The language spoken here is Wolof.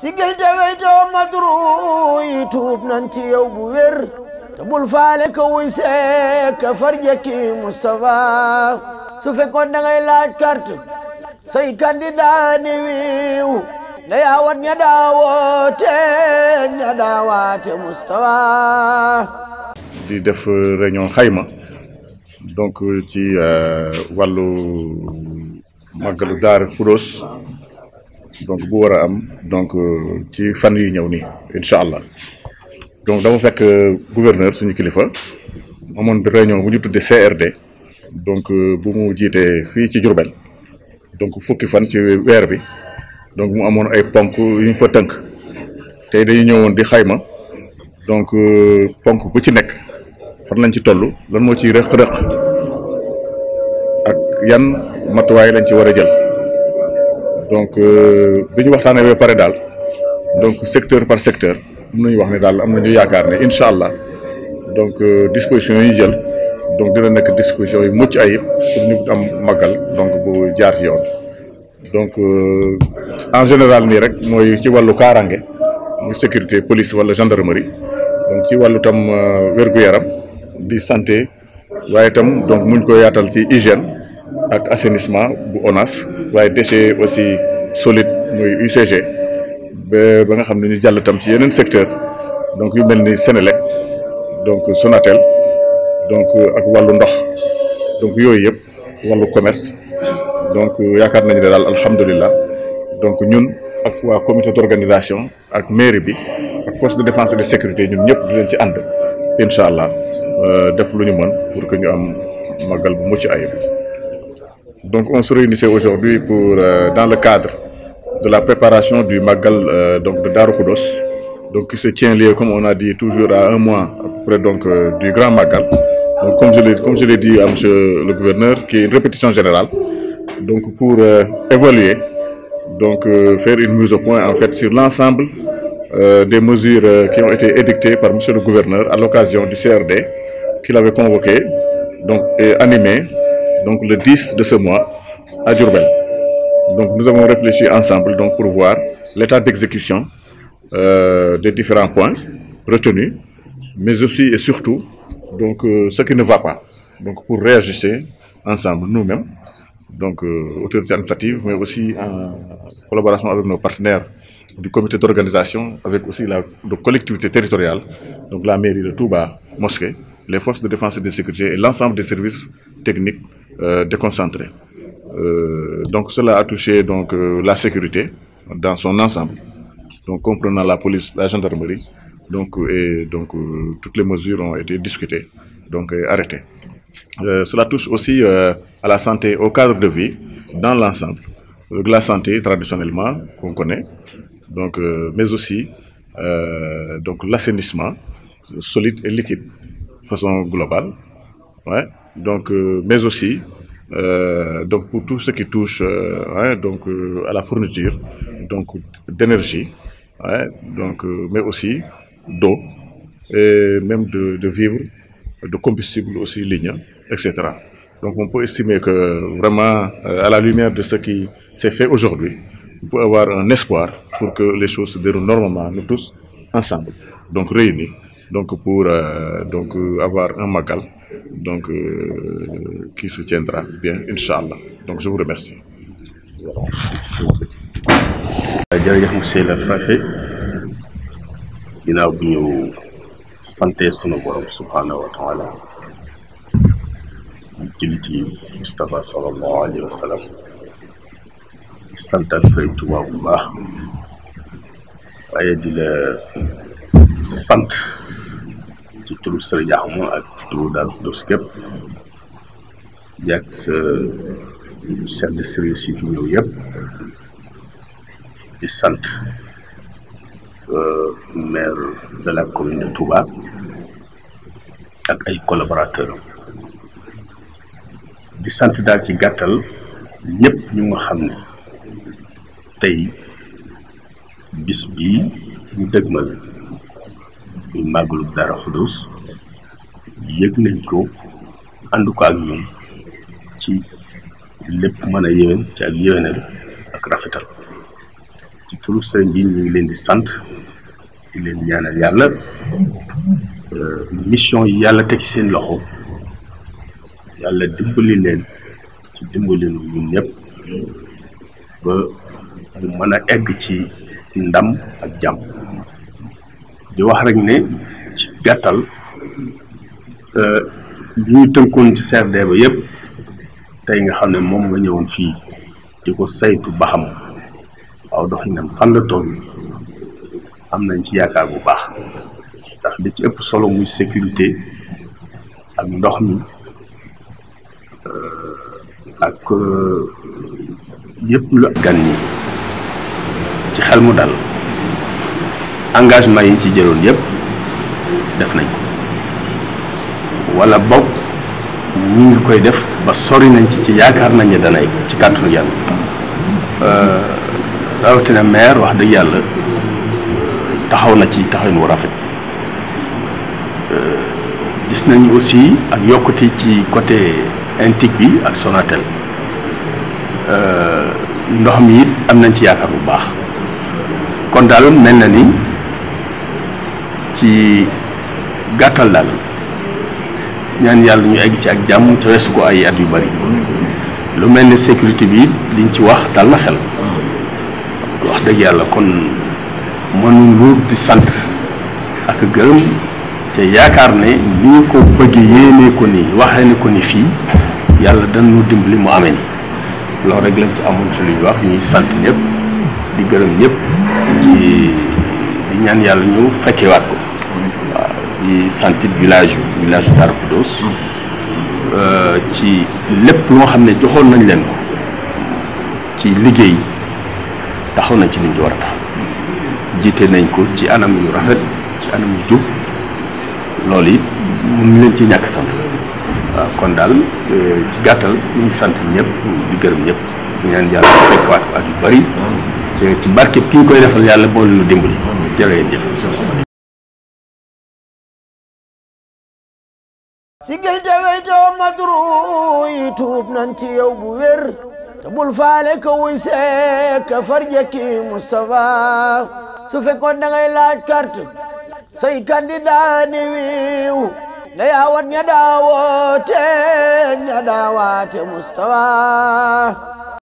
sigil te weytoo madru yi tuub nan ci bu wér te bul faale ka wuy seek ka farjaki Moustapha su fekkoon da ngay laaj carte say candidat ni wiiw na yaawat ña daawoote ña daawaate Moustapha di def euh, réunion xayma donc ci euh, wàllu màggalu Daaru Xudoos donc il am donc euh, ci fan yi ñëw nii incha donc dama euh, gouverneur suñu kilifa amoon réunion bu ñu CRD donc euh, bu mu jiitee fii ci Diourbel donc fukki fan ci weer bi donc mu ay ponk yu ñu fa tënk tey dañu ñëwoon di xayma donc ponk bu ci fan lañ ci lan donc biñu waxtane waxtaanee ba pare daal donc secteur par secteur am wax ne dal am nañu yaakaar ne incha donc disposition yi jël donc dina nek disposition yu mucc ayib pour ñu am magal donc bu jaar ci yoon. donc en général ni rek moy ci walu karangé muy sécurité police wala gendarmerie donc ci walu tam wergu yaram di santé waye tam donc muñ ko yatal ci hygiène. ak assainissement bu ONAS waye déchets aussi solide moy UCG ba nga xamni ñu jàll tam ci yeneen secteur donc yu melni ni Sénélec donc Sonatel donc euh, ak walu ndox donc yooyu yëpp wàllu commerce donc euh, yaakaar nañu dal alhamdoulillah donc ñun ak wa comité d'organisation ak mairie bi ak force de défense et de sécurité ñun ñëpp dinañ ci and inshallah euh def lu ñu mën pour que ñu am magal bu mucc ayib. Donc on se réunissait aujourd'hui pour, euh, dans le cadre de la préparation du Magal euh, donc de Darukudos, donc qui se tient lieu, comme on a dit, toujours à un mois à peu près donc, euh, du Grand Magal. Donc comme je l'ai dit à monsieur le gouverneur, qui est une répétition générale, donc pour évoluer, donc faire une mise au point en fait sur l'ensemble des mesures qui ont été édictées par monsieur le gouverneur à l'occasion du CRD qu'il avait convoqué donc, et animé donc le 10 de ce mois, à Durbel. Donc nous avons réfléchi ensemble donc, pour voir l'état d'exécution euh, des différents points retenus, mais aussi et surtout donc, euh, ce qui ne va pas. Donc pour réagir ensemble, nous-mêmes, donc euh, autorités autorité mais aussi en collaboration avec nos partenaires du comité d'organisation, avec aussi la, collectivité territoriale, donc la mairie de Touba, Mosquée, les forces de défense et de sécurité et l'ensemble des services techniques euh, euh, donc cela a touché donc euh, la sécurité dans son ensemble, donc comprenant la police, la gendarmerie, donc euh, et donc toutes les mesures ont été discutées, donc arrêtées. cela touche aussi à la santé, au cadre de vie, dans l'ensemble. la santé traditionnellement qu'on connaît, donc mais aussi donc l'assainissement solide et liquide de façon globale donc, euh, mais aussi euh, donc pour tout ce qui touche euh, hein, donc, à la fourniture donc d'énergie, donc, mais aussi d'eau et même de, de vivres, de combustible aussi lignes, etc. Donc on peut estimer que vraiment, à la lumière de ce qui s'est fait aujourd'hui, on peut avoir un espoir pour que les choses se déroulent normalement, nous tous, ensemble, donc réunis, donc pour donc, avoir un magal donc, euh, qui se tiendra bien, Inch'Allah. Donc, je vous remercie. ci turu Sëriñ Axma ak ci turu Daaru Xudoos képp di ak chef de service yi fi ñëw yëpp di sant euh, maire de la commune de Touba ak ay collaborateurs di sant daal ci gàttal ñëpp ñu nga xam ne tey bis bii ñu dëgmal ci màggalu Daaru Xudoos yëg nañ ko ànd ko ak ñun ci lépp mën a yéwén ci ak yéwénal ak rafetal ci turu sëriñ bi ñu ngi leen di sant di leen ñaanal yàlla euh, mission yàlla teg ci seen loxo yàlla dimbali leen ci dimbali ba mu mën a egg ci ndam ak jàmm di wax rek ne ci gàttal euh, bi ñu tënkoon ci CRD ba yëpp tey nga xam ne moom nga ñëwoon fii di ko saytu ba xam waaw doxinam fan la toll am nañ ci yaakaar bu baax ndax di ci ëpp solo muy sécurité ak ndox mi euh, ak euh, yëpp lu gan ñi ci xel mu dal engagement yi ñu ci jëloon yépp def nañ ko wala bokk ñi ngi koy def ba sori nañ ci ci yaakaar nañ ne danay ci kàttanu yàlla euh, rawatina maire wax dëgg yàlla taxaw na ci taxawin wu rafet euh, gis nañ aussi ak yokkute ci côté intique bi ak Sonatel euh, ndox mi it am nañ ci yaakaar bu baax kon daal mel na ni ci gàttal daal ñaan yàlla ñu egg ci ak jàmm te weesu ko ay at yu bari lu mel ni sécurité bi liñ ci wax dal na xel wax dëgg yàlla kon mënu lu di sant ak gërëm te yaakaar ne ni ñu ko bëggee yéenee ko ni waxee ne ko ni fii yàlla dañu dimbali mu amee ni loolu rek lañ ci amul ci luñ wax ñuy sant ñëpp di gërëm ñëpp di ñaan yàlla ñu fekkewaat ko di santit village yu village yu Darou Khoudoss euh, ci lépp loo xam ne joxoon nañ leen ko ci liggéey taxaw na ci liñ ci war a tax jiite nañ ko ci anam yu rafet ci anam yu jub loolu it mun leen ci ñàkk sant waaw kon daal euh, ci gàttal ñu ngi sant ñëpp di gërëm ñëpp di ñaan yàlla fekk waat yu bari ci barke ki ñu koy defal yàlla boole lu dimbali jërë ngeen jëf sigil te weytoo madru yi tuub nan ci yow bu wér te bul faale ka wuy see ka farjëkki su fekkoon da ngay laaj carte say candidat wiiw na yaawat ña daawoote ña daawaate Moustapha